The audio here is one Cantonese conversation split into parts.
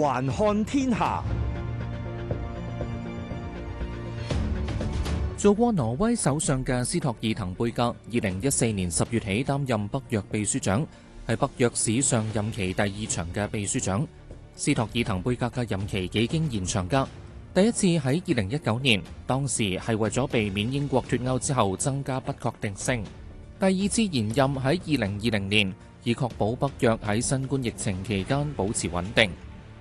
環看天下，做過挪威首相嘅斯托爾滕貝格，二零一四年十月起擔任北約秘書長，係北約史上任期第二長嘅秘書長。斯托爾滕貝格嘅任期幾經延長，噶第一次喺二零一九年，當時係為咗避免英國脫歐之後增加不確定性；第二次延任喺二零二零年，以確保北約喺新冠疫情期間保持穩定。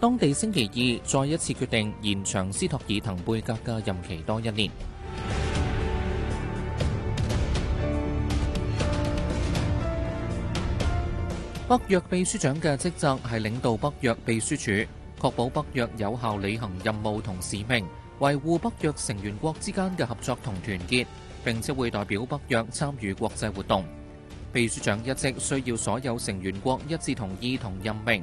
當地星期二再一次決定延長斯托爾滕貝格嘅任期多一年。北約秘書長嘅職責係領導北約秘書處，確保北約有效履行任務同使命，維護北約成員國之間嘅合作同團結，並且會代表北約參與國際活動。秘書長一職需要所有成員國一致同意同任命。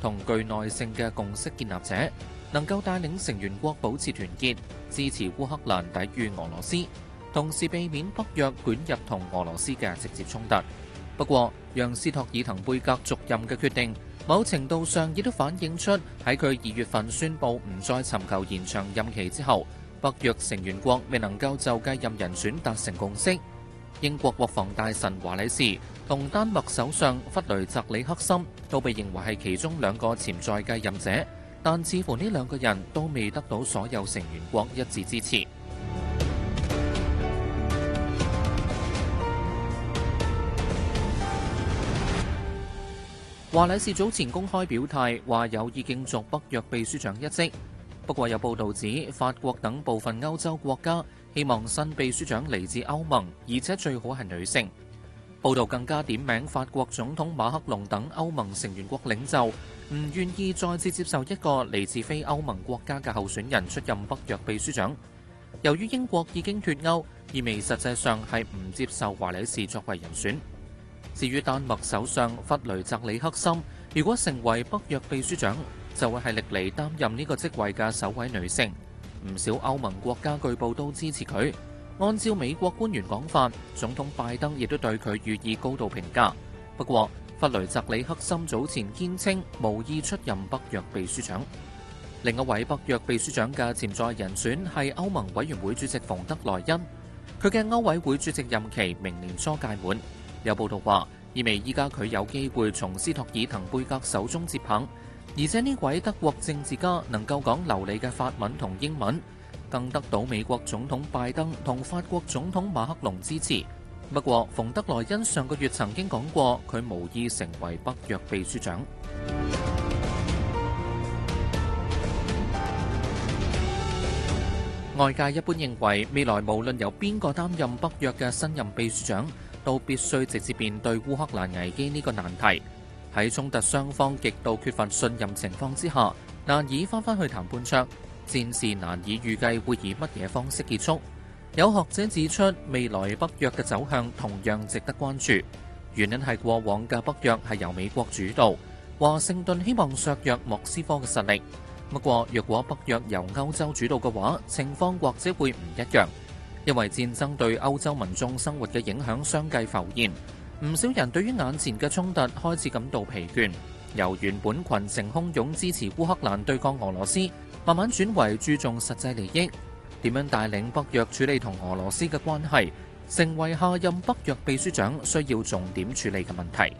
同具耐性嘅共識建立者，能夠帶領成員國保持團結，支持烏克蘭抵禦俄羅斯，同時避免北約捲入同俄羅斯嘅直接衝突。不過，讓斯托爾滕貝格續任嘅決定，某程度上亦都反映出喺佢二月份宣布唔再尋求延長任期之後，北約成員國未能夠就繼任人選達成共識。英國國防大臣華理士同丹麥首相弗雷澤里克森都被認為係其中兩個潛在繼任者，但似乎呢兩個人都未得到所有成員國一致支持。華理士早前公開表態，話有意競逐北約秘書長一職。不過有報導指，法國等部分歐洲國家希望新秘書長嚟自歐盟，而且最好係女性。報導更加點名法國總統馬克龍等歐盟成員國領袖唔願意再次接受一個嚟自非歐盟國家嘅候選人出任北約秘書長。由於英國已經脱歐，意味實際上係唔接受華理士作為人選。至於丹麥首相弗雷澤里克森，如果成為北約秘書長，就會係歷嚟擔任呢個職位嘅首位女性。唔少歐盟國家據報都支持佢。按照美國官員講法，總統拜登亦都對佢予以高度評價。不過，弗雷澤里克森早前堅稱無意出任北約秘書長。另一位北約秘書長嘅潛在人選係歐盟委員會主席馮德萊恩，佢嘅歐委會主席任期明年初屆滿。有報道話，意味依家佢有機會從斯托爾滕貝格手中接棒。而且呢位德國政治家能夠講流利嘅法文同英文，更得到美國總統拜登同法國總統馬克龍支持。不過，馮德萊恩上個月曾經講過，佢無意成為北約秘書長。外界一般認為，未來無論由邊個擔任北約嘅新任秘書長，都必須直接面對烏克蘭危機呢個難題。喺衝突雙方極度缺乏信任情況之下，難以翻返去談判桌，戰事難以預計會以乜嘢方式結束。有學者指出，未來北約嘅走向同樣值得關注，原因係過往嘅北約係由美國主導，華盛頓希望削弱莫斯科嘅實力。不過，若果北約由歐洲主導嘅話，情況或者會唔一樣，因為戰爭對歐洲民眾生活嘅影響相繼浮現。唔少人對於眼前嘅衝突開始感到疲倦，由原本群情洶湧支持烏克蘭對抗俄羅斯，慢慢轉為注重實際利益。點樣帶領北約處理同俄羅斯嘅關係，成為下任北約秘書長需要重點處理嘅問題。